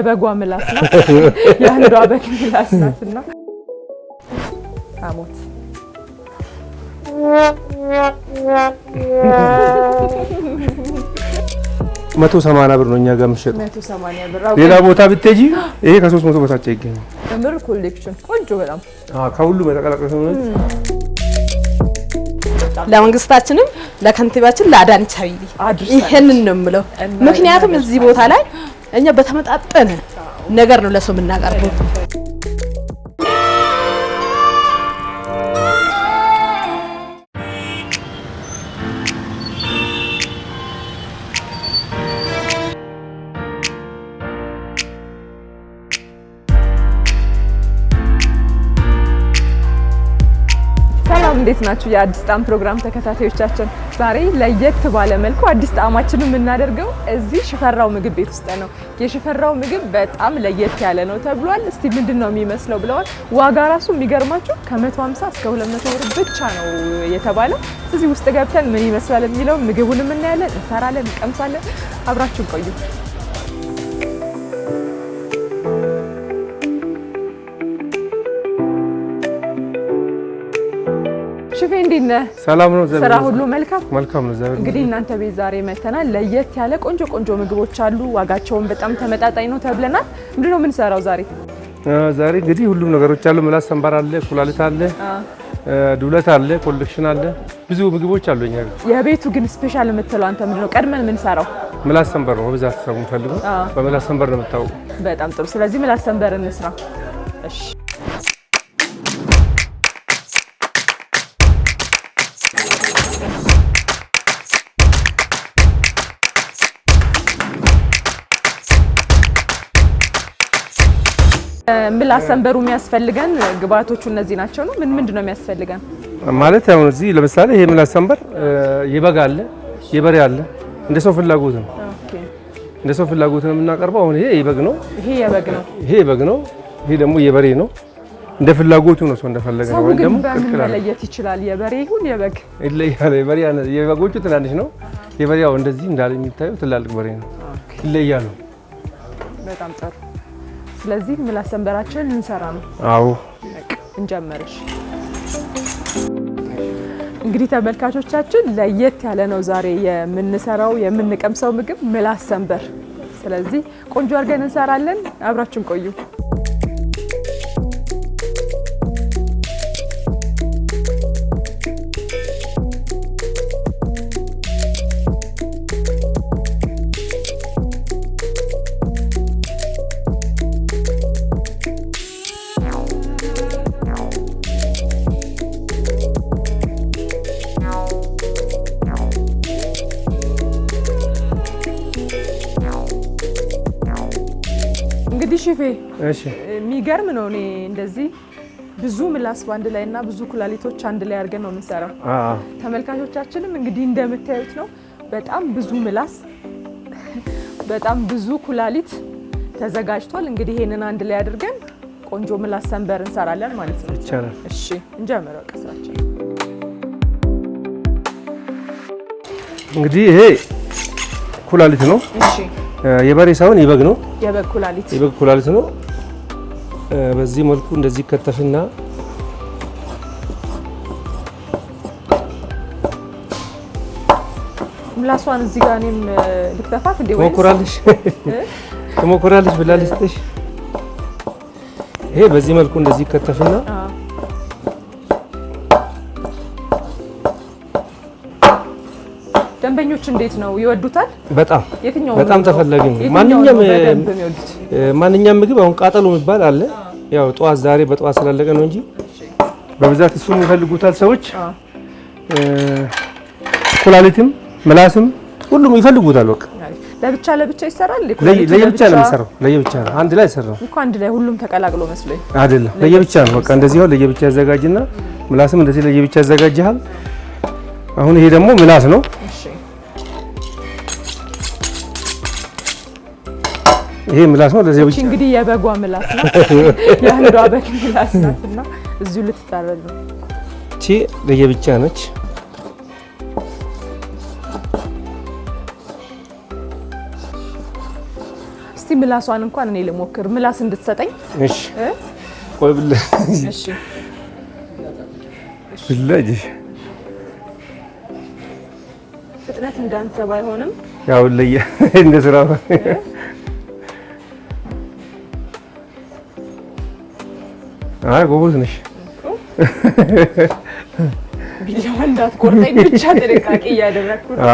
የበጓ ምላስ ናት፣ የአንዷ በግ ምላስ ናት እና አሞት መቶ ሰማንያ ብር ነው እኛ ጋር የምትሸጠው። ሌላ ቦታ ብትሄጂ ይሄ ከሶስት መቶ በታች አይገኝም። ምር ኮሌክሽን ቆንጆ በጣም ከሁሉ በተቀላቀለ ለመንግስታችንም ለከንቲባችን ለአዳነች አቤቤ ይሄንን ነው የምለው። ምክንያቱም እዚህ ቦታ ላይ እኛ በተመጣጠነ ነገር ነው ለሰው የምናቀርበው። እንዴት ናችሁ? የአዲስ ጣዕም ፕሮግራም ተከታታዮቻችን፣ ዛሬ ለየት ባለ መልኩ አዲስ ጣዕማችን የምናደርገው እዚህ ሽፈራው ምግብ ቤት ውስጥ ነው። የሽፈራው ምግብ በጣም ለየት ያለ ነው ተብሏል። እስቲ ምንድን ነው የሚመስለው ብለዋል። ዋጋ ራሱ የሚገርማችሁ ከ150 እስከ 200 ብር ብቻ ነው የተባለው። እዚህ ውስጥ ገብተን ምን ይመስላል የሚለው ምግቡን የምናያለን፣ እንሰራለን፣ እንቀምሳለን። አብራችሁ ቆዩ። ሽፌ እንዴት ነህ? ሰላም ነው። ስራ ሁሉ መልካም መልካም ነው። እንግዲህ እናንተ ቤት ዛሬ መተናል። ለየት ያለ ቆንጆ ቆንጆ ምግቦች አሉ። ዋጋቸውን በጣም ተመጣጣኝ ነው ተብለናል። ምንድን ነው የምንሰራው ዛሬ? ዛሬ እንግዲህ ሁሉም ነገሮች አሉ። ምላስ ሰንባር አለ፣ ኩላሊት አለ፣ ዱለት አለ፣ ኮሌክሽን አለ። ብዙ ምግቦች አሉ። እኛ የቤቱ ግን ስፔሻል የምትለው አንተ ምንድን ነው ቀድመን የምንሰራው? ምላስ ሰንበር ነው በብዛት ሰው የምፈልገው። በምላስ ሰንበር ነው የምታወቀው። በጣም ጥሩ። ስለዚህ ምላስ ሰንበር እንስራ። እሺ ምላሰንበሩ የሚያስፈልገን ግብአቶቹ እነዚህ ናቸው ነው። ምን ምንድን ነው የሚያስፈልገን ማለት ያው እዚህ ለምሳሌ ይሄ ምላስ ሰንበር የበግ አለ፣ የበሬ አለ። እንደ ሰው ፍላጎት ነው እንደ ሰው ፍላጎት ነው የምናቀርበው። አሁን ይሄ የበግ ነው፣ ይሄ የበግ ነው፣ ይሄ የበግ ነው፣ ይሄ ደግሞ የበሬ ነው። እንደ ፍላጎቱ ነው ሰው እንደፈለገ ነው። ወይ ደግሞ መለየት ይችላል። የበሬ ይሁን የበግ ይለያል። የበሬ የበጎቹ ትናንሽ ነው። የበሬ ያው እንደዚህ እንዳለ የሚታየው ትላልቅ በሬ ነው። ይለያሉ። በጣም ጥሩ ስለዚህ ምላስ ሰንበራችን እንሰራ ነው። አዎ እንጀምርሽ። እንግዲህ ተመልካቾቻችን ለየት ያለ ነው ዛሬ የምንሰራው የምንቀምሰው ምግብ ምላስ ሰንበር። ስለዚህ ቆንጆ አድርገን እንሰራለን። አብራችን ቆዩ። የሚገርም ነው። እኔ እንደዚህ ብዙ ምላስ በአንድ ላይ እና ብዙ ኩላሊቶች አንድ ላይ አድርገን ነው የምንሰራው። ተመልካቾቻችንም እንግዲህ እንደምታዩት ነው። በጣም ብዙ ምላስ፣ በጣም ብዙ ኩላሊት ተዘጋጅቷል። እንግዲህ ይሄንን አንድ ላይ አድርገን ቆንጆ ምላስ ሰንበር እንሰራለን ማለት ነው። እሺ እንጀምረው ቀስራችን። እንግዲህ ይሄ ኩላሊት ነው። እሺ የበሬ ሳይሆን የበግ ነው። የበግ ኩላሊት ነው። በዚህ መልኩ እንደዚህ ከተፍና ምላሷን እዚህ ጋር እኔም ልትተፋት እንዴ? ትሞክራለሽ ትሞክራለሽ ብላ ልስጥሽ። ይሄ በዚህ መልኩ እንደዚህ ከተፍና ደንበኞች እንዴት ነው ይወዱታል? በጣም በጣም ተፈላጊ ነው። ማንኛውም ማንኛውም ምግብ አሁን ቃጠሎ የሚባል አለ ያው ጠዋት ዛሬ በጠዋት ስላለቀ ነው እንጂ በብዛት እሱን ይፈልጉታል ሰዎች። ኩላሊትም ምላስም ሁሉም ይፈልጉታል። በቃ ለብቻ ለብቻ ይሰራል። ለየብቻ ነው የሚሰራው፣ ለየብቻ ነው አንድ ላይ ይሰራው እኮ አንድ ላይ ሁሉም ተቀላቅሎ መስሎኝ አይደለም። ለየብቻ ነው በቃ እንደዚህ ነው። ለየብቻ ያዘጋጅና ምላስም እንደዚህ ለየብቻ ያዘጋጅሃል። አሁን ይሄ ደግሞ ምላስ ነው። ይሄ ምላስ ነው። ለዚህ ብቻ እንግዲህ የበጓ ምላስ ነው፣ የአንዷ በግ ምላስ ናት እና እዚሁ ልትታረድ ነው። እቺ ለየብቻ ነች። እስቲ ምላሷን እንኳን እኔ ልሞክር፣ ምላስ እንድትሰጠኝ። እሺ ቆይ ብለህ እሺ ብለህ ፍጥነት እንዳንተ ባይሆንም ያው ለየ እንደ ስራ አይ ጎበዝ ነሽ። ቢላዋ እንዳትቆርጠኝ ብቻ ጥንቃቄ እያደረግኩ ነው።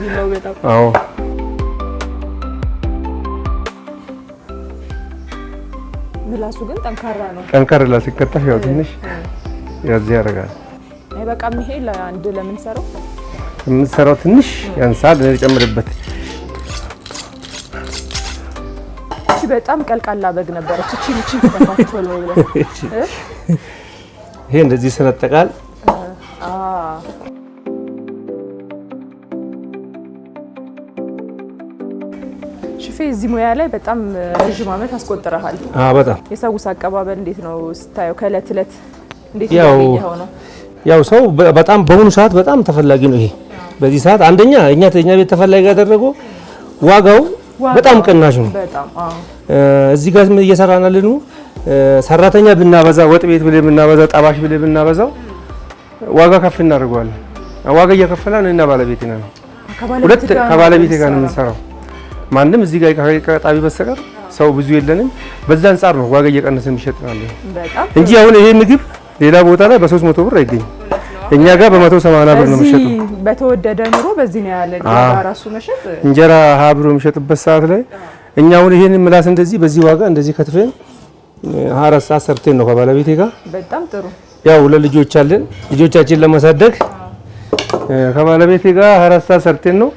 ቢላው በጣም። አዎ ምላሱ ግን ጠንካራ ነው። ጠንካራ ላይ ሲከተፍ ያው ትንሽ ያዝ ያደርጋል። አይ በቃ ይሄ ለአንድ ለምንሰራው የምንሰራው ትንሽ ያንሳል። እኔ በጣም ቀልቃላ በግ ነበረች። እቺ እቺ ተፋፍቶ ነው ይላል። ይሄ እንደዚህ ይሰነጠቃል። ሽፌ እዚህ ሙያ ላይ በጣም ረዥም ዓመት አስቆጥረሃል። አዎ በጣም የሰውስ አቀባበል እንዴት ነው ስታየው? ከእለት እለት እንዴት ነው ነው? ያው ሰው በጣም በአሁኑ ሰዓት በጣም ተፈላጊ ነው። ይሄ በዚህ ሰዓት አንደኛ እኛ ተኛ ቤት ተፈላጊ ያደረገው ዋጋው በጣም ቅናሽ ነው። እዚህ ጋር እየሰራን ያለነው ሰራተኛ ብናበዛ ወጥ ቤት ብለ ብናበዛ ጠባሽ ብለ ብናበዛው ዋጋ ከፍ እናደርገዋለን። ዋጋ እየከፈላን እና ባለቤት ነው ሁለት ከባለቤት ጋር ነው የምንሰራው። ማንም እዚህ ጋር ከጣቢ በስተቀር ሰው ብዙ የለንም። በዛ አንጻር ነው ዋጋ እየቀነሰ የሚሸጥ ነው እንጂ አሁን ይሄ ምግብ ሌላ ቦታ ላይ በ300 ብር አይገኝም። እኛ ጋር በመቶ ሰማንያ ብር ነው የሚሸጠው። በተወደደ ኑሮ በዚህ ነው ያለ ራሱ መሸጥ እንጀራ ሀብሩ ብር የሚሸጥበት ሰዓት ላይ እኛ አሁን ይሄን ምላስ እንደዚህ በዚህ ዋጋ እንደዚህ ከትፈን አራስ አራት ሰዓት ሰርተን ነው ከባለቤቴ ጋር በጣም ጥሩ ያው ለልጆች አለን ልጆቻችን ለማሳደግ ከባለቤቴ ጋር ሀያ አራት ሰዓት ነው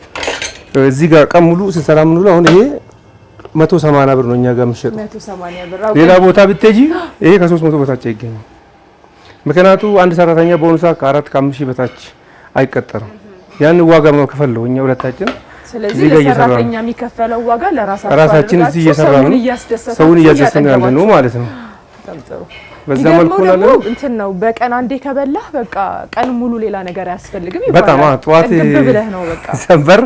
እዚህ ጋር ቀን ሙሉ ስንሰራ የምንውለው። አሁን ይሄ 180 ብር ነው እኛ ጋር የሚሸጠው። ሌላ ቦታ ብትሄጂ ይሄ ከ300 በታች አይገኝም። ምክንያቱ አንድ ሰራተኛ በሆኑ ሰዓት ከአራት ከአምስት ሺህ በታች አይቀጠርም። ያን ዋጋ መክፈል ነው እኛ ሁለታችን ስለዚህ ለሰራተኛ የሚከፈለው ዋጋ ለራሳችን እዚህ እየሰራ ነው ሰውን እያስደሰትን ያለ ነው ማለት ነው። በዛ መልኩ ነው እንትን ነው። በቀን አንዴ ከበላህ በቃ ቀን ሙሉ ሌላ ነገር አያስፈልግም። በጣም ጠዋት ሰንበር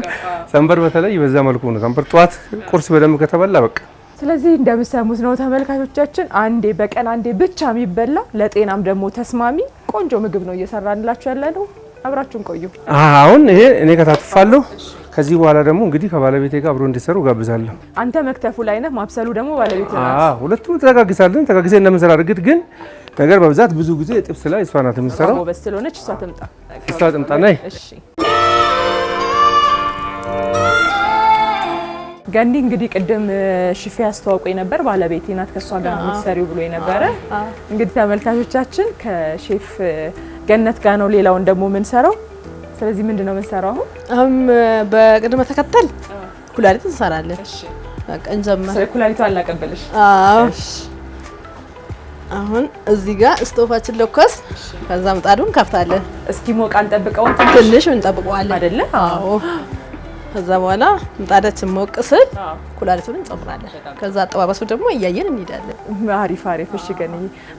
ሰንበር በተለይ በዛ መልኩ ነው። ሰንበር ጠዋት ቁርስ በደንብ ከተበላ በቃ ስለዚህ እንደምሰሙት ነው ተመልካቾቻችን፣ አንዴ በቀን አንዴ ብቻ የሚበላ ለጤናም ደግሞ ተስማሚ ቆንጆ ምግብ ነው እየሰራንላችሁ ያለ ነው። አብራችሁን ቆዩ። አሁን ይሄ እኔ ከታትፋለሁ። ከዚህ በኋላ ደግሞ እንግዲህ ከባለቤቴ ጋር አብሮ እንዲሰሩ ጋብዛለሁ። አንተ መክተፉ ላይ ነህ፣ ማብሰሉ ደግሞ ባለቤት ናት። ሁለቱም ተጋግሳለን። ተጋግዜ እንደምንሰራ እርግጥ ግን ነገር በብዛት ብዙ ጊዜ ጥብስ ላይ እሷ ናት የምትሰራው። በስለሆነች እሷ ትምጣ፣ እሷ ትምጣ ነይ ገንዲ እንግዲህ ቅድም ሽፌ አስተዋውቆ የነበር ባለቤቴ ናት ከእሷ ጋር ነው የምትሰሪው ብሎ የነበረ እንግዲህ ተመልካቾቻችን ከሼፍ ገነት ጋር ነው ሌላውን ደግሞ የምንሰራው። ስለዚህ ምንድን ነው የምንሰራው አሁን? አሁን በቅድመ ተከተል ኩላሊት እንሰራለን። በቃ እንጀምር። ስለ ኩላሊቱ አላቀበልሽ። አሁን እዚህ ጋር ስቶፋችን ለኮስ፣ ከዛ ምጣዱን ከፍታለን። እስኪ ሞቃን ጠብቀው ትንሽ እንጠብቀዋለን አይደለ? አዎ ከዛ በኋላ ምጣዳችን ሞቅ ስል ኩላሊቱን እንጨምራለን። ከዛ አጠባበሱ ደግሞ እያየን እንሄዳለን። አሪፍ አሪፍ። እሺ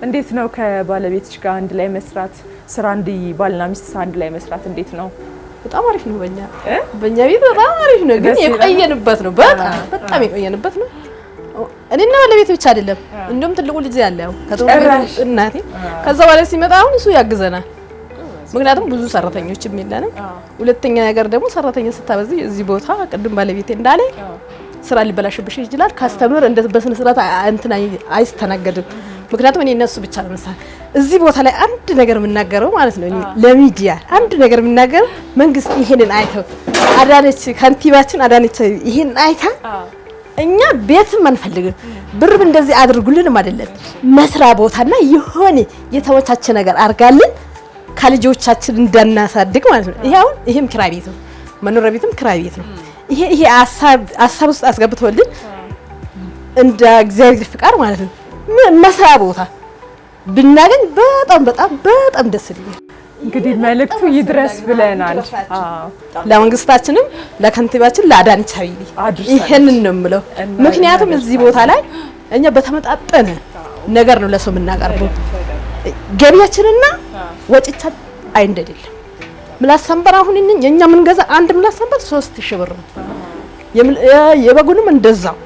እንዴት ነው ከባለቤትሽ ጋር አንድ ላይ መስራት ስራ እንዲ ባልና ሚስት አንድ ላይ መስራት እንዴት ነው? በጣም አሪፍ ነው። በእኛ በእኛ ቤት በጣም አሪፍ ነው፣ ግን የቆየንበት ነው። በጣም በጣም የቆየንበት ነው። እኔና ባለቤት ብቻ አይደለም፣ እንደውም ትልቁ ልጅ ያለው ከቶ እናቴ ከዛ በኋላ ሲመጣ አሁን እሱ ያግዘናል ምክንያቱም ብዙ ሰራተኞች የለንም። ሁለተኛ ነገር ደግሞ ሰራተኛ ስታበዝ እዚህ ቦታ ቅድም ባለቤቴ እንዳለ ስራ ሊበላሽብሽ ይችላል። ካስተምር እንደ በስነ ስርዓት እንትን አይስተናገድም። ምክንያቱም እኔ እነሱ ብቻ ለምሳሌ እዚህ ቦታ ላይ አንድ ነገር የምናገረው ማለት ነው ለሚዲያ አንድ ነገር የምናገረው መንግስት ይሄንን አይተው አዳነች ከንቲባችን አዳነች ይሄንን አይታ እኛ ቤትም አንፈልግም ብርብ እንደዚህ አድርጉልንም አይደለም መስሪያ ቦታና የሆነ የተወቻቸ ነገር አድርጋልን ከልጆቻችን እንዳናሳድግ ማለት ነው። ይሄ አሁን ይሄም ክራይ ቤት ነው፣ መኖሪያ ቤትም ክራይ ቤት ነው። ይሄ ይሄ ሀሳብ ውስጥ አስገብቶልን እንደ እግዚአብሔር ፍቃድ ማለት ነው መስሪያ ቦታ ብናገኝ በጣም በጣም በጣም ደስ ይለኛል። እንግዲህ መልእክቱ ይድረስ ብለናል። ለመንግስታችንም፣ ለከንቲባችን፣ ለአዳነች አቤቤ ይሄንን ነው የምለው። ምክንያቱም እዚህ ቦታ ላይ እኛ በተመጣጠነ ነገር ነው ለሰው የምናቀርበው። ገቢያችንና ወጪቻ አይንድ አይደለም። ምላስ ሰንበር አሁን እኛ የኛ የምንገዛ አንድ ምላስ ሰንበር ሶስት ሺህ ብር ነው። የበጉንም እንደዛው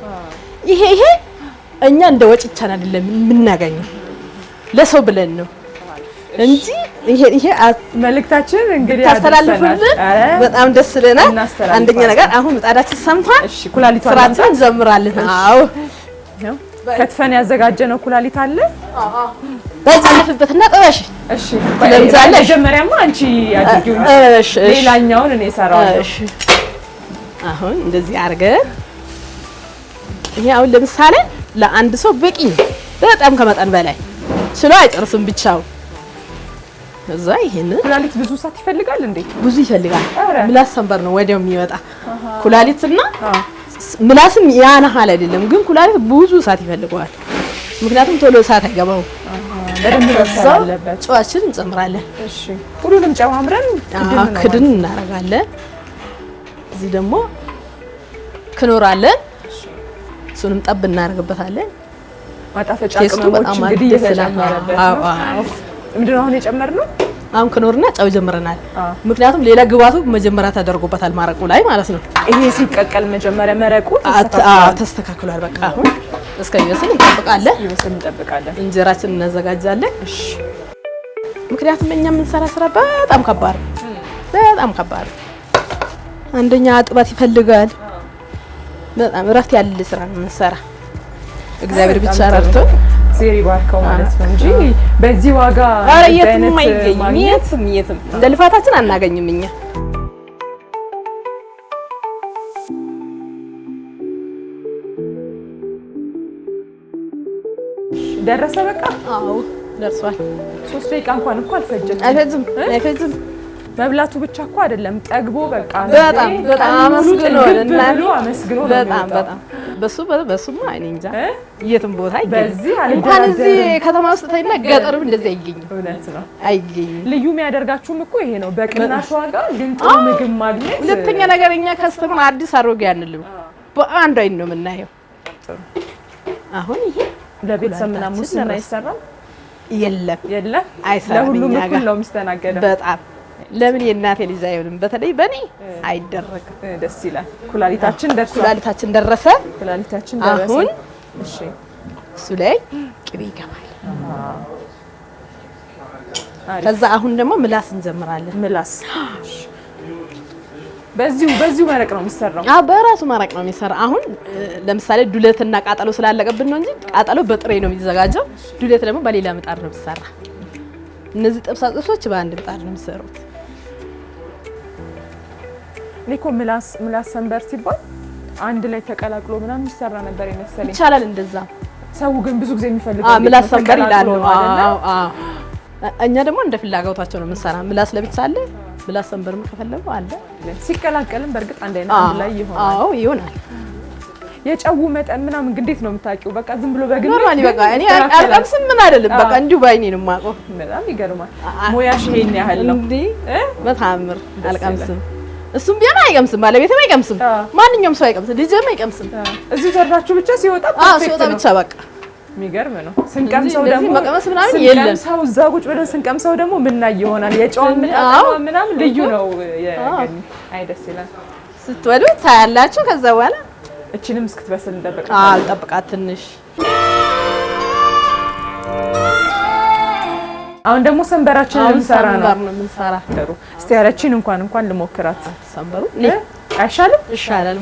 ይሄ ይሄ እኛ እንደ ወጪቻን አይደለም የምናገኘው ለሰው ብለን ነው እንጂ ይሄ ይሄ መልእክታችን እንግዲህ ታስተላልፉልን በጣም ደስ ይለናል። አንደኛ ነገር አሁን ምጣዳችን ሰንፋን ስራችን እንዘምራለን። አዎ ከትፈን ያዘጋጀነው ኩላሊት አለ። ታሳልፍበትና ጥበሽ። እሺ ለምሳሌ መጀመሪያማ አንቺ አድርጊው እሺ፣ ሌላኛውን እኔ እሰራዋለሁ። እሺ፣ አሁን እንደዚህ አድርገን ይሄ አሁን ለምሳሌ ለአንድ ሰው በቂ በጣም ከመጠን በላይ ችሎ አይጨርስም ብቻው። እዛ ይሄንን ኩላሊት ብዙ ሰዓት ይፈልጋል እንዴ? ብዙ ይፈልጋል። ምላስ ሰንበር ነው ወዲያው የሚወጣ ኩላሊትና ምላስም ያናሃል አይደለም፣ ግን ኩላሊት ብዙ ሰዓት ይፈልገዋል። ምክንያቱም ቶሎ ሰዓት አይገባውም። አለበት። ጨዋችን እንጨምራለን። እሺ ሁሉንም ጨማምረን ክድን እናደርጋለን። እዚህ ደግሞ ክኖራለን እሱንም ጠብ እናደርግበታለን። ማጣፈጫ ቅመሞች እንግዲህ እየተጨመረበት ምንድን ነው አሁን የጨመርነው? አሁን ክኖርና ጨው ጀምረናል። ምክንያቱም ሌላ ግብአቱ መጀመሪያ ተደርጎበታል፣ ማረቁ ላይ ማለት ነው። ይሄ ሲቀቀል መጀመሪያ መረቁ ተስተካክሏል። በቃ አሁን እስከሚበስል እንጠብቃለን። ይበስል እንጠብቃለን። እንጀራችን እናዘጋጃለን። እሺ። ምክንያቱም እኛ የምንሰራ ስራ በጣም ከባድ በጣም ከባድ አንደኛ ጥባት ይፈልጋል። በጣም እረፍት ያለ ስራ ነው የምንሰራ። እግዚአብሔር ብቻ ረድቶ ዜሪ ባርከው ማለት ነው እንጂ በዚህ ዋጋ ኧረ የትም አይገኝም። የትም የትም እንደ ልፋታችን አናገኝም እኛ ደረሰ። በቃ አዎ ደርሷል። ሶስት ደቂቃ እንኳን እኮ አልፈጀም። አይፈጅም አይፈጅም። መብላቱ ብቻ እኮ አይደለም ጠግቦ በቃ በጣም በጣም አመስግኖ አመስግኖ በጣም በጣም በሱ በሱማ እኔ እንጃ የትም ቦታ እንኳን እዚህ ከተማ ውስጥ ተይና ገጠርም እንደዚህ አይገኝም። እውነት ነው አይገኝም። ልዩ የሚያደርጋችሁም እኮ ይሄ ነው። በቅናሽ ዋጋ ግን ጥሩ ምግብ ማግኘት። ሁለተኛ ነገር እኛ ከስተማ አዲስ አሮጌ አንልም፣ በአንድ አይን ነው የምናየው። አሁን ይሄ ለቤተሰብ ምናምን ሙስና አይሰራም። የለም የለም፣ አይሰራም። ለሁሉም እኩል ነው የሚስተናገደው። በጣም ለምን የእናቴ ልጅ አይሆንም? በተለይ በእኔ አይደረግም። ደስ ይላል። ኩላሊታችን ደርሷል። ኩላሊታችን ደረሰ። ኩላሊታችን ደረሰ። አሁን እሺ፣ እሱ ላይ ቅቤ ይገባል። ከዛ አሁን ደግሞ ምላስ እንጀምራለን። ምላስ በዚሁ በዚሁ መረቅ ነው የሚሰራው። አዎ በራሱ መረቅ ነው የሚሰራ። አሁን ለምሳሌ ዱለትና ቃጠሎ ስላለቀብን ነው እንጂ ቃጠሎ በጥሬ ነው የሚዘጋጀው፣ ዱለት ደግሞ በሌላ ምጣድ ነው የሚሰራ። እነዚህ ጥብሳ ጥብሶች በአንድ ምጣድ ነው የሚሰሩት። እኔ እኮ ምላስ ምላስ ሰንበር ሲባል አንድ ላይ ተቀላቅሎ ምናምን ይሰራ ነበር የመሰለኝ። ይቻላል እንደዛ። ሰው ግን ብዙ ጊዜ የሚፈልገው ምላስ ሰንበር ይላሉ። አዎ እኛ ደግሞ እንደ ፍላጎታቸው ነው የምንሰራ። ምላስ ለብቻ አለ ብላሰንበርም ከፈለጉ አለ። ሲቀላቀልም በእርግጥ አንድ አይነት አንድ ላይ ይሆናል። አዎ ይሆናል። የጨው መጠን ምናምን እንዴት ነው የምታውቂው? በቃ ዝም ብሎ በግል ኖርማሊ በቃ እኔ አልቀምስም ምን አይደለም በቃ እንዲሁ ባይኔ ነው የማውቀው። በጣም ይገርማል። ሙያሽ ይሄን ያህል ነው እንዴ? በታምር አልቀምስም። እሱም ቢሆን አይቀምስም፣ ባለቤትም አይቀምስም፣ ማንኛውም ሰው አይቀምስም፣ ልጅም አይቀምስም። እዚሁ ዘራችሁ ብቻ ሲወጣ ሲወጣ ብቻ በቃ የሚገርም ነው። ስንቀምሰው ደግሞ መቀመስ ምናምን የለም። ስንቀምሰው እዛ ቁጭ ብለን ስንቀምሰው ደግሞ ምናይ ይሆናል። የጨውን ምናምን ልዩ ነው። አይ ደስ ይላል። ስትወዱ ታያላችሁ። ከዛ በኋላ እችንም እስክትበስል እንጠብቅ አልጠብቃት ትንሽ አሁን ደግሞ ሰንበራችን ልንሰራ ነው የምንሰራ። ጥሩ እስቲ ያለችን እንኳን እንኳን ልሞክራት። ሰንበሩ አይሻልም? ይሻላል።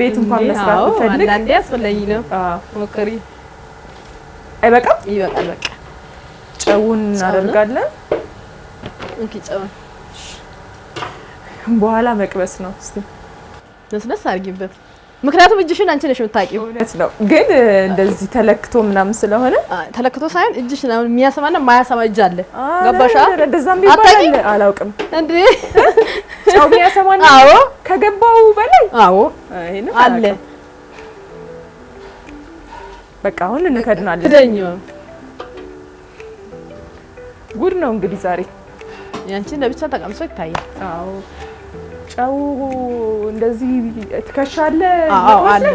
ቤት እንኳን መስራት ፈልግ አንዳንዴ አስፈላጊ ነው። ሞክሪ አይበቃም? ይበቃል። በቃ ጨውን እናደርጋለን። እንኪ ጨውን በኋላ መቅበስ ነው። እስቲ አድርጊበት፣ ምክንያቱም እጅሽን አንቺ ነሽ የምታውቂው። እውነት ነው፣ ግን እንደዚህ ተለክቶ ምናምን ስለሆነ ተለክቶ ሳይሆን እጅሽ ምናምን የሚያሰማና ማያሰማ እጅ አለ። ገባሽ? እንደዛም ይባላል። አላውቅም እንዴ ጫው የሚያሰማና። አዎ፣ ከገባው በላይ አዎ፣ አለ በቃ አሁን እንከድናለን። ክደኛ ጉድ ነው እንግዲህ ዛሬ ያንቺን ለብቻ ተቀምሶ ይታያል። አዎ ጨው እንደዚህ ትከሻ አለ አለ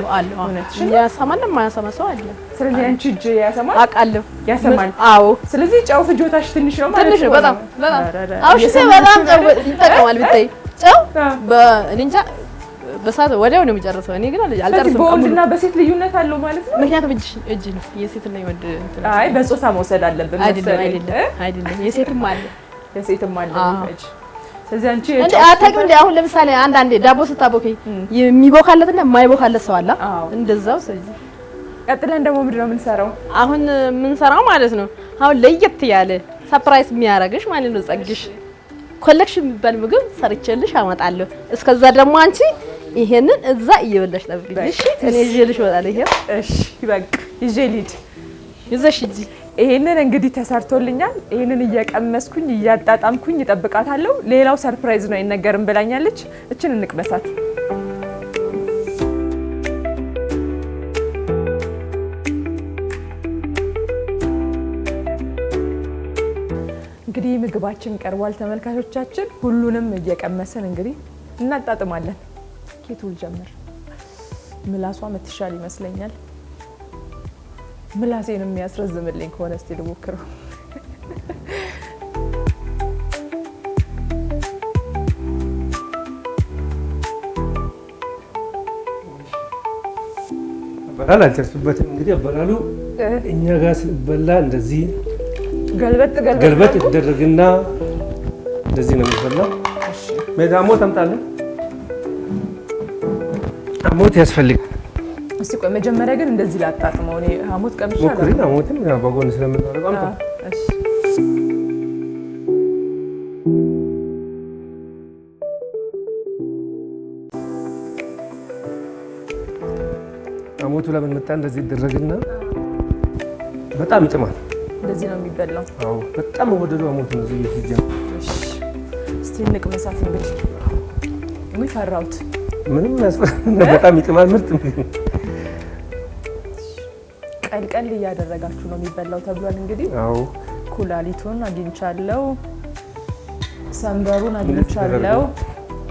ያሰማልም ማያሰማ ሰው አለ። ስለዚህ አንቺ እጅ ያሰማል አውቃለሁ፣ ያሰማል። አዎ ስለዚህ ጨው ፍጆታሽ ትንሽ ነው ማለት ነው። ትንሽ በጣም በጣም አውሽ በጣም ጨው ይጠቀማል ብታይ ጨው በእኔ በሰዓት ወዲያው ነው የሚጨርሰው። እኔ ግን አልጨርስም። በወንድና በሴት ልዩነት አለው ማለት ነው። ምክንያቱም እጅ እጅ ነው የሴትና የወንድ አይ በጾታ መውሰድ አለብን መሰለኝ። አይደለም አይደለም፣ የሴትም አለ የሴትም አለ እጅ አታውቂም እንደ አሁን ለምሳሌ አንዳንዴ ዳቦ ስታቦኪ የሚቦካለትና የማይቦካለት ሰው አለ። እንደዛው ስለዚህ ቀጥለን ደግሞ ምንድን ነው የምንሰራው? አሁን የምንሰራው ማለት ነው አሁን ለየት ያለ ሰርፕራይዝ የሚያደርግሽ ማለት ነው። ጸግሽ ኮሌክሽን የሚባል ምግብ ሰርቼልሽ አመጣለሁ። እስከዛ ደግሞ አንቺ ይሄንን እዛ እየበላሽ ጠብቂኝ። እሺ፣ እኔ ይዤልሽ እመጣለሁ። ይሄው እሺ፣ በቃ ይዤ ልሂድ። ይዘሽ ሂጂ። ይሄንን እንግዲህ ተሰርቶልኛል። ይሄንን እየቀመስኩኝ እያጣጣምኩኝ እጠብቃታለሁ። ሌላው ሰርፕራይዝ ነው አይነገርም ብላኛለች። እችን እንቅመሳት። እንግዲህ ምግባችን ቀርቧል ተመልካቾቻችን። ሁሉንም እየቀመስን እንግዲህ እናጣጥማለን። ከፊቱ ልጀምር። ምላሷ ምትሻል ይመስለኛል። ምላሴን የሚያስረዝምልኝ ከሆነ እስቲ ልሞክረው። አበላል አልጨርስበትም። እንግዲህ አበላሉ እኛ ጋር ስንበላ እንደዚህ ገልበጥ ገልበጥ ይደረግና እንደዚህ ነው የሚበላው። ሜዳሞ ተምጣለን ሐሞት ያስፈልጋል። እስቲ ቆይ መጀመሪያ ግን እንደዚህ ላጣጥመው። እኔ ሐሞት ቀምሻ ሞክሪን። ሐሞትም በጎን ስለምታደርገው አምጣ። እሺ ሐሞቱ ለምን መጣ እንደዚህ ይደረግና በጣም ይጥማል። እንደዚህ ነው የሚበላው። አዎ በጣም ወደዱ ሐሞት ነው። እዚህ ይጀምር። እሺ እስቲ ንቅ መሳፍን ብቻ ወይ ፈራሁት ምንም በጣም ይጥማል። ምርጥ ቀልቀል እያደረጋችሁ ነው የሚበላው ተብሏል። እንግዲህ አዎ፣ ኩላሊቱን አግኝቻለሁ፣ ሰንበሩን አግኝቻለሁ፣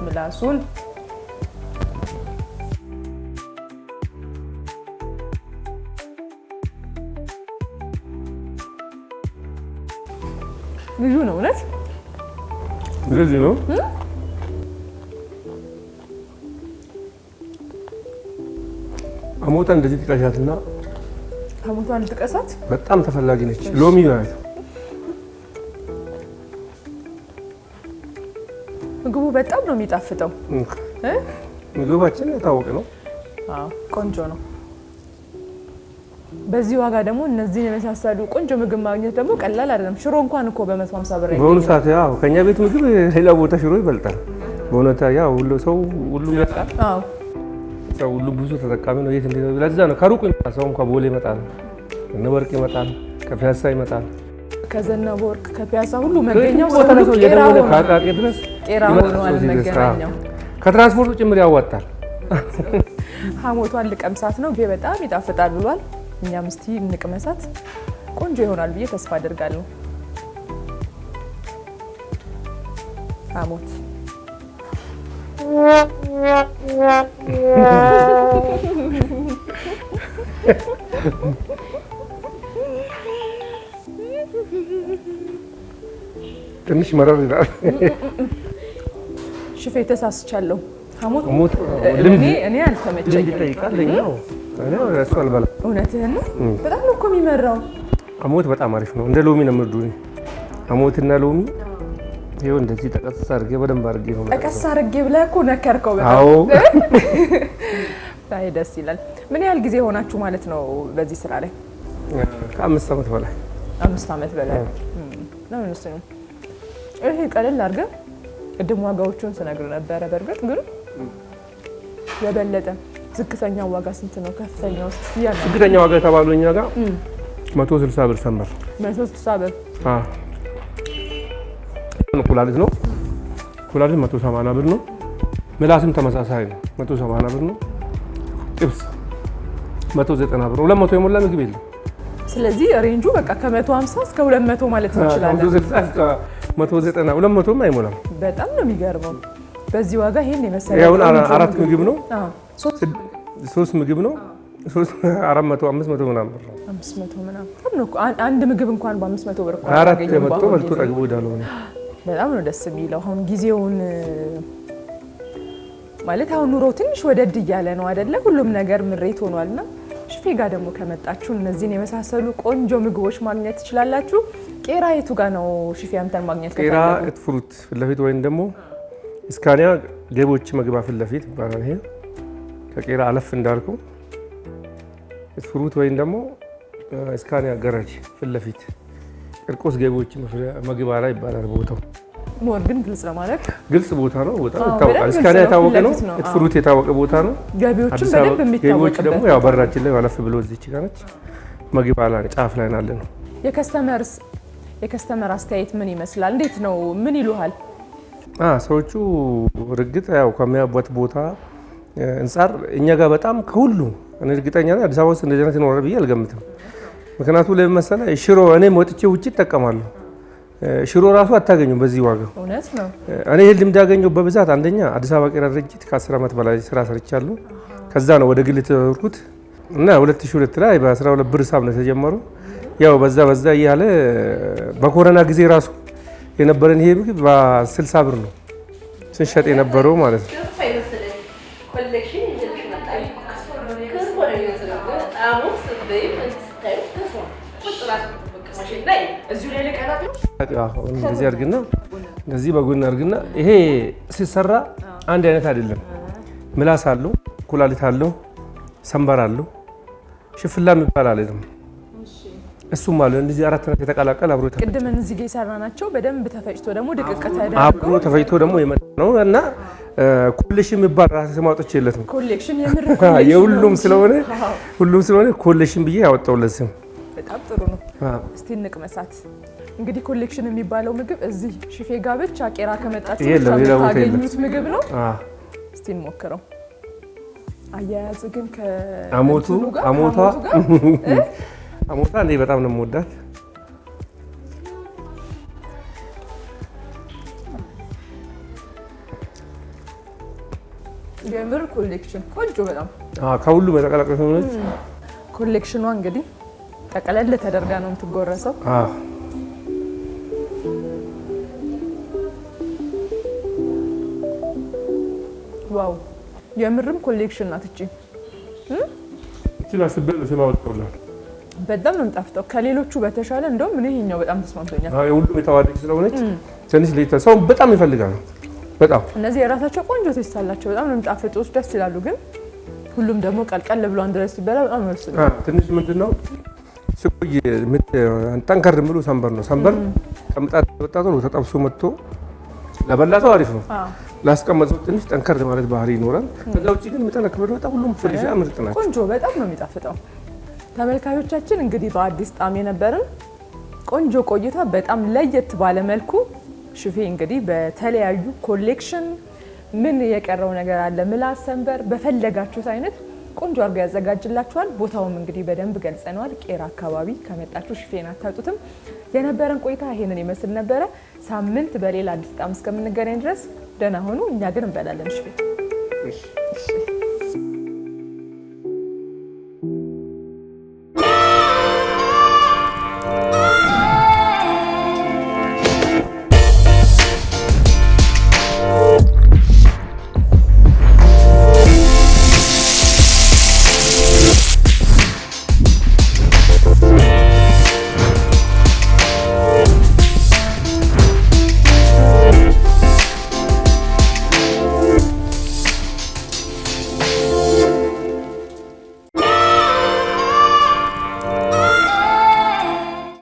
ምላሱን ልዩ ነው። እውነት ልዩ ነው። ከሞተ እንደዚህ ጥቀሻትና ሀሞቷን ልትቀሳት በጣም ተፈላጊ ነች። ሎሚ ማለት ምግቡ በጣም ነው የሚጣፍጠው። ምግባችን የታወቀ ነው፣ ቆንጆ ነው። በዚህ ዋጋ ደግሞ እነዚህን የመሳሰሉ ቆንጆ ምግብ ማግኘት ደግሞ ቀላል አይደለም። ሽሮ እንኳን እኮ በመቶ ሀምሳ ብር በሆኑ ሰዓት ያው ከእኛ ቤት ምግብ ሌላ ቦታ ሽሮ ይበልጣል። በእውነታ ያው ሁሉ ሰው ሁሉ ይበልጣል። አዎ ኢትዮጵያ ሁሉ ብዙ ተጠቃሚ ነው። የት እንዴት ነው? ለዛ ነው ከሩቅ ሰውም ከቦሌ ይመጣል፣ ከነበርቅ ይመጣል፣ ከፒያሳ ይመጣል፣ ከዘነበ ወርቅ ከፒያሳ ሁሉ መገኛው ቦታ ነው። የደወለ ከአቃቂ ድረስ ከትራንስፖርቱ ጭምር ያዋጣል። ሀሞቷን ልቀምሳት ነው በጣም ይጣፍጣል ብሏል። እኛም እስቲ እንቅመሳት ቆንጆ ይሆናል ብዬ ተስፋ አደርጋለሁ። ሀሞት ትንሽ መረር ይላል። ሽፌ ተሳስቻለሁ። ሐሞት በጣም አሪፍ ነው። እንደ ሎሚ ነው የምርዱ። ሐሞትና ሎሚ ይኸው እንደዚህ ጠቀስ አድርጌ በደንብ አድርጌ ነው ጠቀስ አድርጌ ብለህ እኮ ነከርከው። በጣም ደስ ይላል። ምን ያህል ጊዜ ሆናችሁ ማለት ነው በዚህ ስራ ላይ? ከአምስት ዓመት በላይ አምስት ዓመት በላይ ነው። እሱ ነው ይሄ ቀለል አድርገህ ቅድም ዋጋዎቹን ስነግር ነበረ። በእርግጥ ግን የበለጠ ዝቅተኛ ዋጋ ስንት ነው? ከፍተኛ ውስጥ ዝቅተኛ ዋጋ የተባለው እኛ ጋር መቶ ብር ሰምር መቶ ስልሳ ብር ኩላሊት ነው። ኩላሊት 180 ብር ነው። ምላስም ተመሳሳይ ነው፣ 180 ብር ነው። ጥብስ 190 ብር ነው። 200 የሞላ ምግብ የለም። ስለዚህ ሬንጁ በቃ ከ150 እስከ 200 ማለት እንችላለን። 190 200ም አይሞላም። በጣም ነው የሚገርመው። በዚህ ዋጋ ይሄን የመሰለ ያው አራት ምግብ ነው፣ ሶስት ምግብ ነው። አራት መቶ አምስት መቶ ምናምን ብር ነው። አምስት አንድ ምግብ እንኳን በአምስት መቶ ብር እኮ አራት የመቶ በልቶ ጠግቦ ይዳለሆነ በጣም ነው ደስ የሚለው። አሁን ጊዜውን ማለት አሁን ኑሮ ትንሽ ወደድ እያለ ነው አደለ? ሁሉም ነገር ምሬት ሆኗልና ሽፌ ጋር ደግሞ ከመጣችሁ እነዚህን የመሳሰሉ ቆንጆ ምግቦች ማግኘት ትችላላችሁ። ቄራ የቱ ጋር ነው ሽፌ አንተን ማግኘት? ቄራ ፍሩት ፊት ለፊት ወይም ደግሞ እስካኒያ ገቦች መግባ ፊት ለፊት ይባላል። ይሄ ከቄራ አለፍ እንዳልኩ ፍሩት ወይም ደግሞ እስካኒያ ገረጅ ፊት ለፊት ቂርቆስ ገቢዎች መግባራ ይባላል ቦታው። ሞር ግን ግልጽ ለማድረግ ግልጽ ቦታ ነው። በጣም ይታወቃል። እስካሪያ የታወቀ ነው። እትፍሩት የታወቀ ቦታ ነው። ገቢዎችን በደንብ የሚታወቅ ደግሞ ያው በራችን ላይ አለፍ ብሎ እዚህ ጋነች መግባራ ጫፍ ላይ ናለ ነው። የከስተመርስ የከስተመር አስተያየት ምን ይመስላል? እንዴት ነው? ምን ይሉሃል? ሰዎቹ እርግጥ ያው ከሚያቧት ቦታ አንጻር እኛ ጋር በጣም ከሁሉ እርግጠኛ ነኝ አዲስ አበባ ውስጥ እንደዚህ አይነት ይኖራል ብዬ አልገምትም። ምክንያቱ ለምን መሰለህ? ሽሮ እኔ ወጥቼ ውጭ እጠቀማለሁ። ሽሮ ራሱ አታገኙም በዚህ ዋጋ። እኔ ይህን ልምድ ያገኘው በብዛት አንደኛ አዲስ አበባ ቄራ ድርጅት ከ10 ዓመት በላይ ስራ ሰርቻለሁ። ከዛ ነው ወደ ግል የተወርኩት እና 2002 ላይ በ12 ብር ሳብ ነው የተጀመረው። ያው በዛ በዛ እያለ በኮረና ጊዜ ራሱ የነበረን ይሄ ምግብ በ60 ብር ነው ስንሸጥ የነበረው ማለት ነው። እንደዚህ አድርግና እንደዚህ በጎን አድርግና። ይሄ ሲሰራ አንድ አይነት አይደለም። ምላስ አለው፣ ኩላሊት አለው፣ ሰንበር አለው፣ ሽፍላ የሚባል አለ ደግሞ እሱም አለ። እንደዚህ አራት ነገር የተቀላቀለ አብሮ ቅድም እዚህ ጋር የሰራናቸው በደንብ ተፈጭቶ ደግሞ ድቅቅ አብሮ ተፈጭቶ ደግሞ የመጣ ነው እና ኮሌክሽን የሚባል ራሴ ስም አውጥቼለትም የሁሉም ስለሆነ ሁሉም ስለሆነ ኮሌሽን ብዬ ያወጣሁለት ስም በጣም ጥሩ ነው። እስቲ እንቅመሳት እንግዲህ ኮሌክሽን የሚባለው ምግብ እዚህ ሽፌ ጋር ብቻ ቄራ ከመጣችሁ ብቻ የምታገኙት ምግብ ነው። እስቲ እንሞክረው። አያያዝ ግን ከአሞቱ አሞቷ አሞቷ እንዴ በጣም ነው የምወዳት። የምር ኮሌክሽን ቆንጆ በጣም ከሁሉ በተቀላቀለ ሆነች። ኮሌክሽኗ እንግዲህ ጠቀለል ተደርጋ ነው የምትጎረሰው። ዋው የምርም ኮሌክሽን ናት እቺ። በጣም ነው የምጣፍጠው ከሌሎቹ በተሻለ እንደውም እኔ ይሄኛው በጣም ተስማምቶኛል። ሁሉም የተዋደች ስለሆነች ትንሽ ልጅ ሰው በጣም ይፈልጋል። በጣም እነዚህ የራሳቸው ቆንጆ ቴስት አላቸው። በጣም ነው የሚጣፍጡት፣ ደስ ይላሉ። ግን ሁሉም ደግሞ ቀልቀል ብሎ አንድ ላይ ሲበላ በጣም ነው ትንሽ ምንድን ነው ስቆይ ጠንከር ብሎ ሰንበር ነው ሰንበር ከምጣድ ወጣ ተጠብሶ መጥቶ ለበላ ሰው አሪፍ ነው። ላስቀመጠው ትንሽ ጠንከር ማለት ባህሪ ይኖራል። ከዛ ውጭ ግን ክብር በጣም ሁሉም ፍሪሻ ምርጥ ናቸው። ቆንጆ በጣም ነው የሚጣፍጠው። ተመልካቾቻችን እንግዲህ በአዲስ ጣዕም የነበርን ቆንጆ ቆይታ በጣም ለየት ባለ መልኩ ሽፌ እንግዲህ በተለያዩ ኮሌክሽን ምን የቀረው ነገር አለ፣ ምላስ፣ ሰንበር በፈለጋችሁት አይነት ቆንጆ አድርጎ ያዘጋጅላችኋል። ቦታውም እንግዲህ በደንብ ገልጸነዋል። ቄራ አካባቢ ከመጣችሁ ሽፌን አታጡትም። የነበረን ቆይታ ይሄንን ይመስል ነበረ። ሳምንት በሌላ አዲስ ጣዕም እስከምንገናኝ ድረስ ደህና ሆኑ። እኛ ግን እንበላለን። እሺ ቤት